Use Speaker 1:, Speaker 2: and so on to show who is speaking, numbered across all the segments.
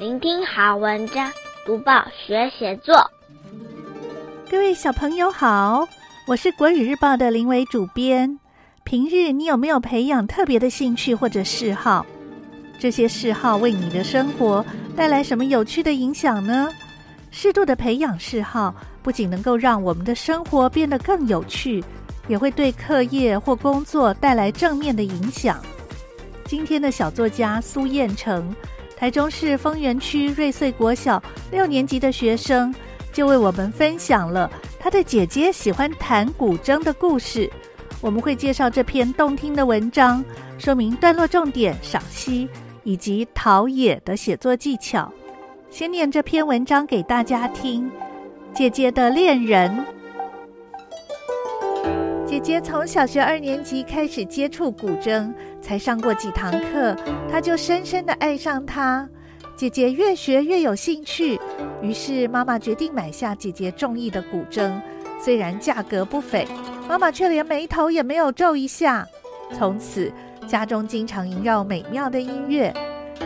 Speaker 1: 聆聽好文章，讀報學寫作。各位小朋友好，我是國語日報的林偉主編。平日你有沒有培養特別的興趣或者嗜好？這些嗜好為你的生活帶來什麼有趣的影響呢？適度的培養嗜好，不僅能夠讓我們的生活變得更有趣，也會對課業或工作帶來正面的影響。今天的小作家蘇彥成。台中市豐原區瑞穗國小六年級的學生，就為我們分享了他的姐姐喜歡彈古箏的故事。我們會介紹這篇動聽的文章，說明段落重點、賞析以及陶冶的寫作技巧。先念這篇文章給大家聽。姐姐的戀人，姐姐從小學二年級開始接觸古箏。才上過幾堂課，她就深深的愛上它。姐姐越學越有興趣，於是媽媽決定買下姐姐中意的古箏。雖然價格不菲，媽媽卻連眉頭也沒有皺一下。從此，家中經常縈繞美妙的音樂。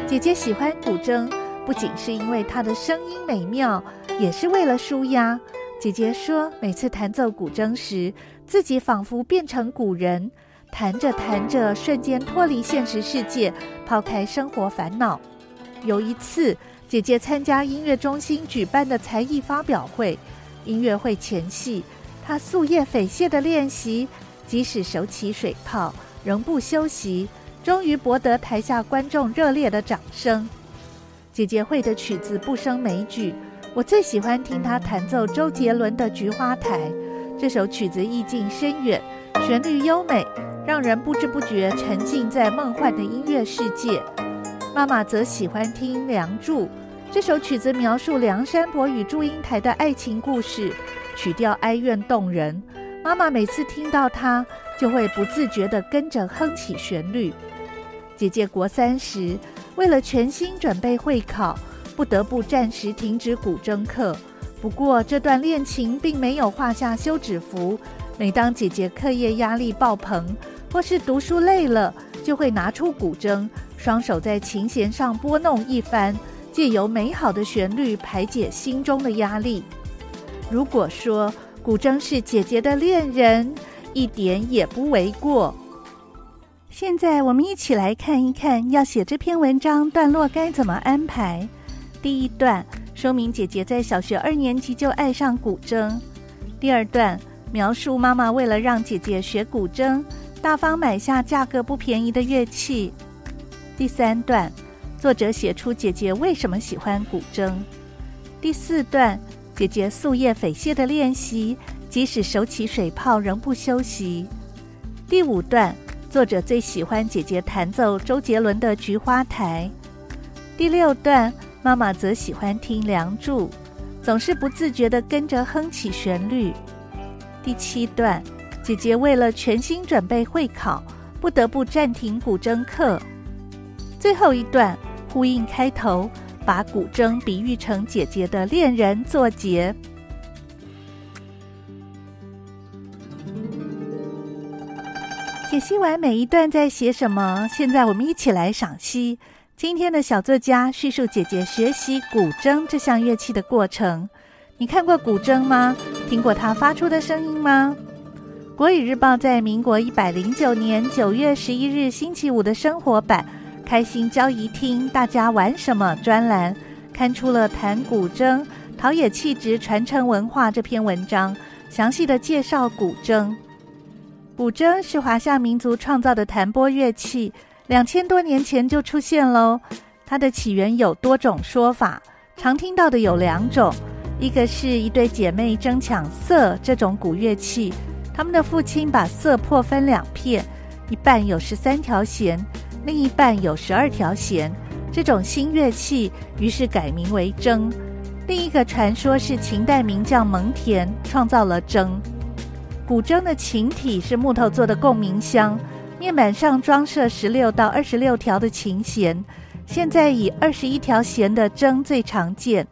Speaker 1: 姐姐喜歡古箏，不僅是因為它的聲音美妙，也是為了舒壓。姐姐說，每次彈奏古箏時，自己仿佛變成古人。彈着彈着，瞬間脫離現實世界，拋開生活煩惱。有一次，姐姐參加音樂中心舉辦的才藝發表會。音樂會前夕，她夙夜匪懈的練習，即使手起水泡，仍不休息。終於博得台下觀眾熱烈的掌聲。姐姐會的曲子不勝枚舉，我最喜歡聽她彈奏周杰倫的《菊花台》。這首曲子意境深遠，旋律優美。讓人不知不覺沉浸在夢幻的音樂世界。媽媽則喜歡聽《梁祝》這首曲子，描述梁山伯與祝英台的愛情故事，曲調哀怨動人。媽媽每次聽到它，就會不自覺地跟着哼起旋律。姐姐國三時，為了全心準備會考，不得不暫時停止古箏課。不過，這段戀情並沒有畫下休止符。每當姐姐課業壓力爆棚，或是讀書累了，就會拿出古箏，雙手在琴弦上撥弄一番，借由美好的旋律排解心中的壓力。如果說古箏是姐姐的戀人，一點也不為過。現在我們一起來看一看，要寫這篇文章段落該怎麼安排。第一段說明姐姐在小學二年級就愛上古箏，第二段描述媽媽為了讓姐姐學古箏。大方買下價格不便宜的樂器。第三段，作者寫出姐姐為什麼喜歡古箏。第四段，姐姐夙夜匪懈的練習，即使手起水泡仍不休息。第五段，作者最喜歡姐姐彈奏周杰倫的《菊花台》。第六段，媽媽則喜歡聽《梁祝》，總是不自覺地跟着哼起旋律。第七段。姐姐為了全心準備會考，不得不暫停古箏課。最後一段呼應開頭，把古箏比喻成姐姐的戀人，作結。解析完每一段在寫什麼，現在我們一起來賞析。今天的小作家敘述姐姐學習古箏這項樂器的過程。你看過古箏嗎？聽過它發出的聲音嗎？國語日報在民國一百零九年九月十一日星期五的生活版“開心交誼廳”大家玩什麼專欄，刊出了《彈古箏，陶冶氣質，傳承文化》這篇文章，詳細的介紹古箏。古箏是華夏民族創造的彈撥樂器，兩千多年前就出現嘍。它的起源有多種說法，常聽到的有兩種，一個是一對姐妹爭搶瑟這種古樂器。他們的父親把瑟破分兩片，一半有十三條弦，另一半有十二條弦。這種新樂器於是改名為箏。另一個傳說是秦代名將蒙恬創造了箏。古箏的琴體是木頭做的共鳴箱，面板上裝設十六到二十六條的琴弦，現在以二十一條弦的箏最常見。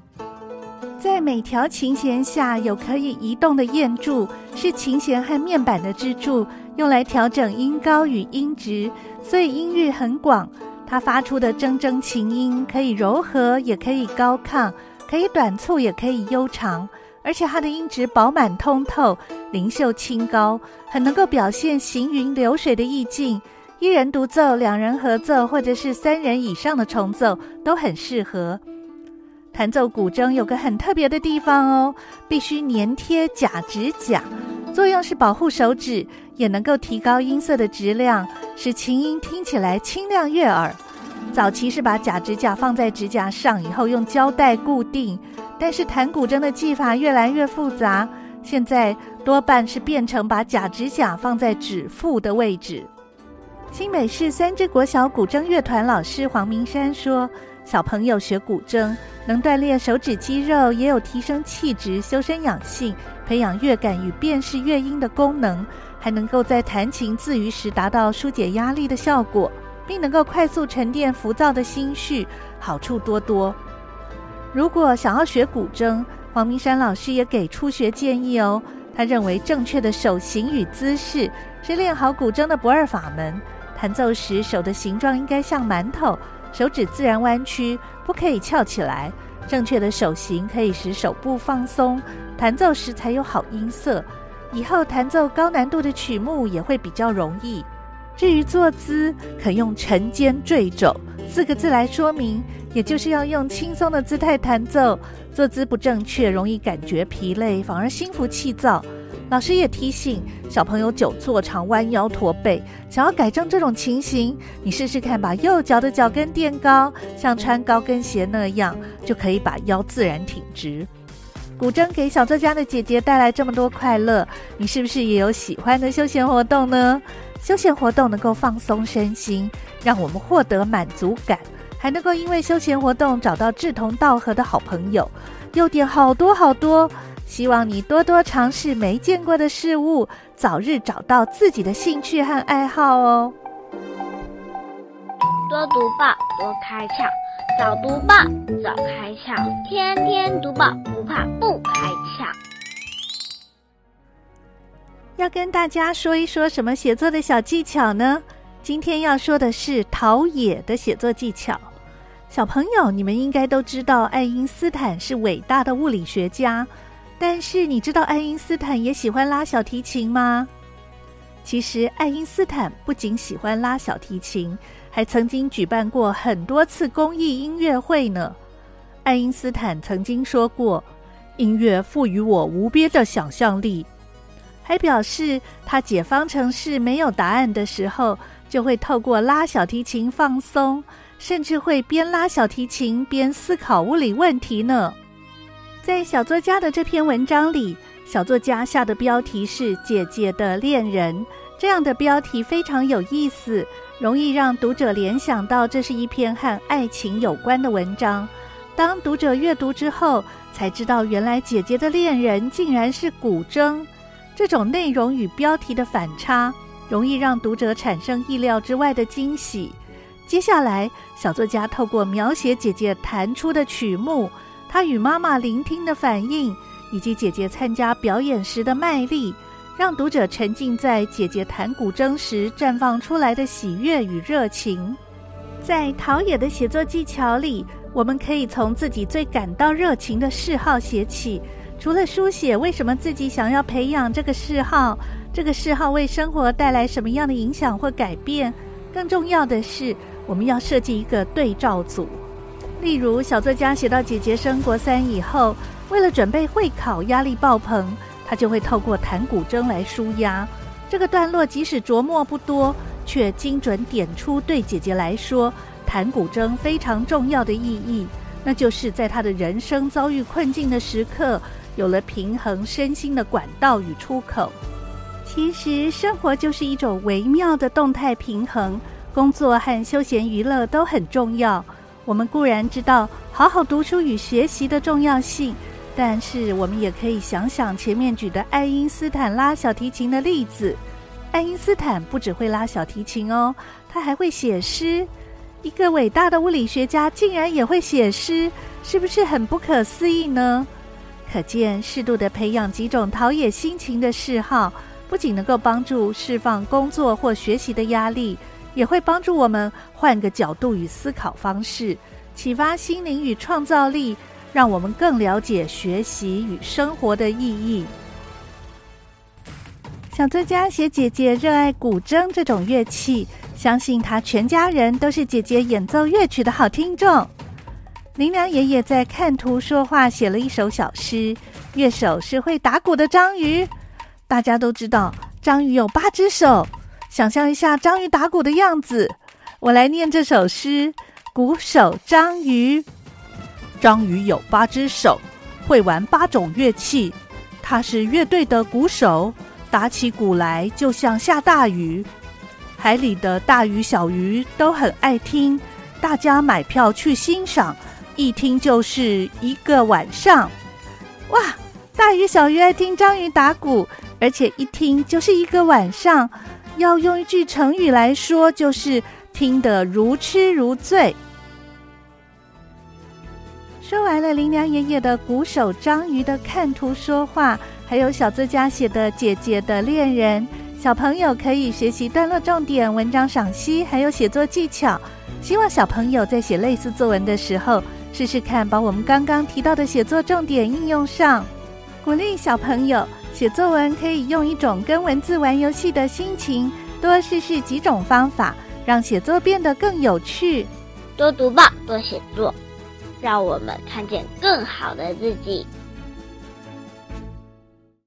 Speaker 1: 在每條琴弦下有可以移動的雁柱，是琴弦和面板的支柱，用來調整音高與音值，所以音域很廣。它發出的錚錚琴音可以柔和，也可以高亢，可以短促，也可以悠長，而且它的音質飽滿通透、靈秀清高，很能夠表現行雲流水的意境。一人獨奏、兩人合奏，或者是三人以上的重奏，都很適合。彈奏古箏有個很特別的地方哦，必須粘貼假指甲，作用是保護手指，也能夠提高音色的質量，使琴音聽起來清亮悅耳。早期是把假指甲放在指甲上，以後用膠帶固定，但是彈古箏的技法越來越複雜，現在多半是變成把假指甲放在指腹的位置。新北市三芝國小古箏樂團老師黃明山說。小朋友學古箏，能鍛鍊手指肌肉，也有提升氣質、修身養性、培養樂感與辨識樂音的功能，還能夠在彈琴自娛時達到疏解壓力的效果，並能夠快速沉澱浮躁的心緒，好處多多。如果想要學古箏，黃明山老師也給初學建議哦。他認為正確的手型與姿勢是練好古箏的不二法門。彈奏時手的形狀應該像饅頭。手指自然彎曲，不可以翹起來。正確的手型可以使手部放鬆，彈奏時才有好音色。以後彈奏高難度的曲目也會比較容易。至於坐姿，可用“沉肩墜肘”四個字來說明，也就是要用輕鬆的姿態彈奏。坐姿不正確，容易感覺疲累，反而心浮氣躁。老師也提醒小朋友久坐常彎腰駝背，想要改正這種情形，你試試看，把右腳的腳跟墊高，像穿高跟鞋那樣，就可以把腰自然挺直。古箏給小作家的姐姐帶來這麼多快樂，你是不是也有喜歡的休閒活動呢？休閒活動能夠放鬆身心，讓我們獲得滿足感，還能夠因為休閒活動找到志同道合的好朋友，優點好多好多。希望你多多嘗試沒見過的事物，早日找到自己的興趣和愛好哦。多讀報，多開竅；早讀報，早開竅；天天讀報，不怕不開竅。要跟大家說一說什麼寫作的小技巧呢？今天要說的是陶冶的寫作技巧。小朋友，你們應該都知道，愛因斯坦是偉大的物理學家。但是你知道愛因斯坦也喜歡拉小提琴嗎？其實愛因斯坦不僅喜歡拉小提琴，還曾經舉辦過很多次公益音樂會呢。愛因斯坦曾經說過：“音樂賦予我無邊的想象力。”還表示他解方程式沒有答案的時候，就會透過拉小提琴放鬆，甚至會邊拉小提琴邊思考物理問題呢。在小作家的這篇文章裡，小作家下的標題是“姐姐的戀人”，這樣的標題非常有意思，容易讓讀者聯想到這是一篇和愛情有關的文章。當讀者閱讀之後，才知道原來姐姐的戀人竟然是古箏。這種內容與標題的反差，容易讓讀者產生意料之外的驚喜。接下來，小作家透過描寫姐姐彈出的曲目，他與媽媽聆聽的反應，以及姐姐參加表演時的賣力，讓讀者沉浸在姐姐彈古箏時綻放出來的喜悅與熱情。在陶冶的寫作技巧裡，我們可以從自己最感到熱情的嗜好寫起。除了書寫為什麼自己想要培養這個嗜好，這個嗜好為生活帶來什麼樣的影響或改變，更重要的是，我們要設計一個對照組。例如，小作家寫到姐姐升國三以後，為了準備會考，壓力爆棚，她就會透過彈古箏來紓壓。這個段落即使著墨不多，卻精準點出對姐姐來說，彈古箏非常重要的意義，那就是在她的人生遭遇困境的時刻，有了平衡身心的管道與出口。其實，生活就是一種微妙的動態平衡，工作和休閒娛樂都很重要。我們固然知道好好讀書與學習的重要性，但是我們也可以想想前面舉的愛因斯坦拉小提琴的例子。愛因斯坦不只會拉小提琴哦，他還會寫詩。一個偉大的物理學家竟然也會寫詩，是不是很不可思議呢？可見適度的培養幾種陶冶心情的嗜好，不僅能夠幫助釋放工作或學習的壓力。也會幫助我們換個角度與思考方式，啟發心靈與創造力，讓我們更了解學習與生活的意義。小作家寫姐姐熱愛古箏這種樂器，相信她全家人都是姐姐演奏樂曲的好聽眾。林良爺爺在看圖說話寫了一首小詩，樂手是會打鼓的章魚，大家都知道章魚有八隻手。想象一下章魚打鼓的樣子，我來念這首詩：鼓手章魚，章魚有八隻手，會玩八種樂器，它是樂隊的鼓手，打起鼓來就像下大雨。海裡的大魚小魚都很愛聽，大家買票去欣賞，一聽就是一個晚上。哇，大魚小魚愛聽章魚打鼓，而且一聽就是一個晚上。要用一句成語來說，就是聽得如痴如醉。說完了林良爺爺的《鼓手章魚》的看圖說話，還有小作家寫的《姐姐的戀人》，小朋友可以學習段落重點、文章賞析，還有寫作技巧。希望小朋友在寫類似作文的時候，試試看把我們剛剛提到的寫作重點應用上，鼓勵小朋友。寫作文可以用一種跟文字玩遊戲的心情，多試試幾種方法，讓寫作變得更有趣。多讀報，多寫作，讓我們看見更好的自己。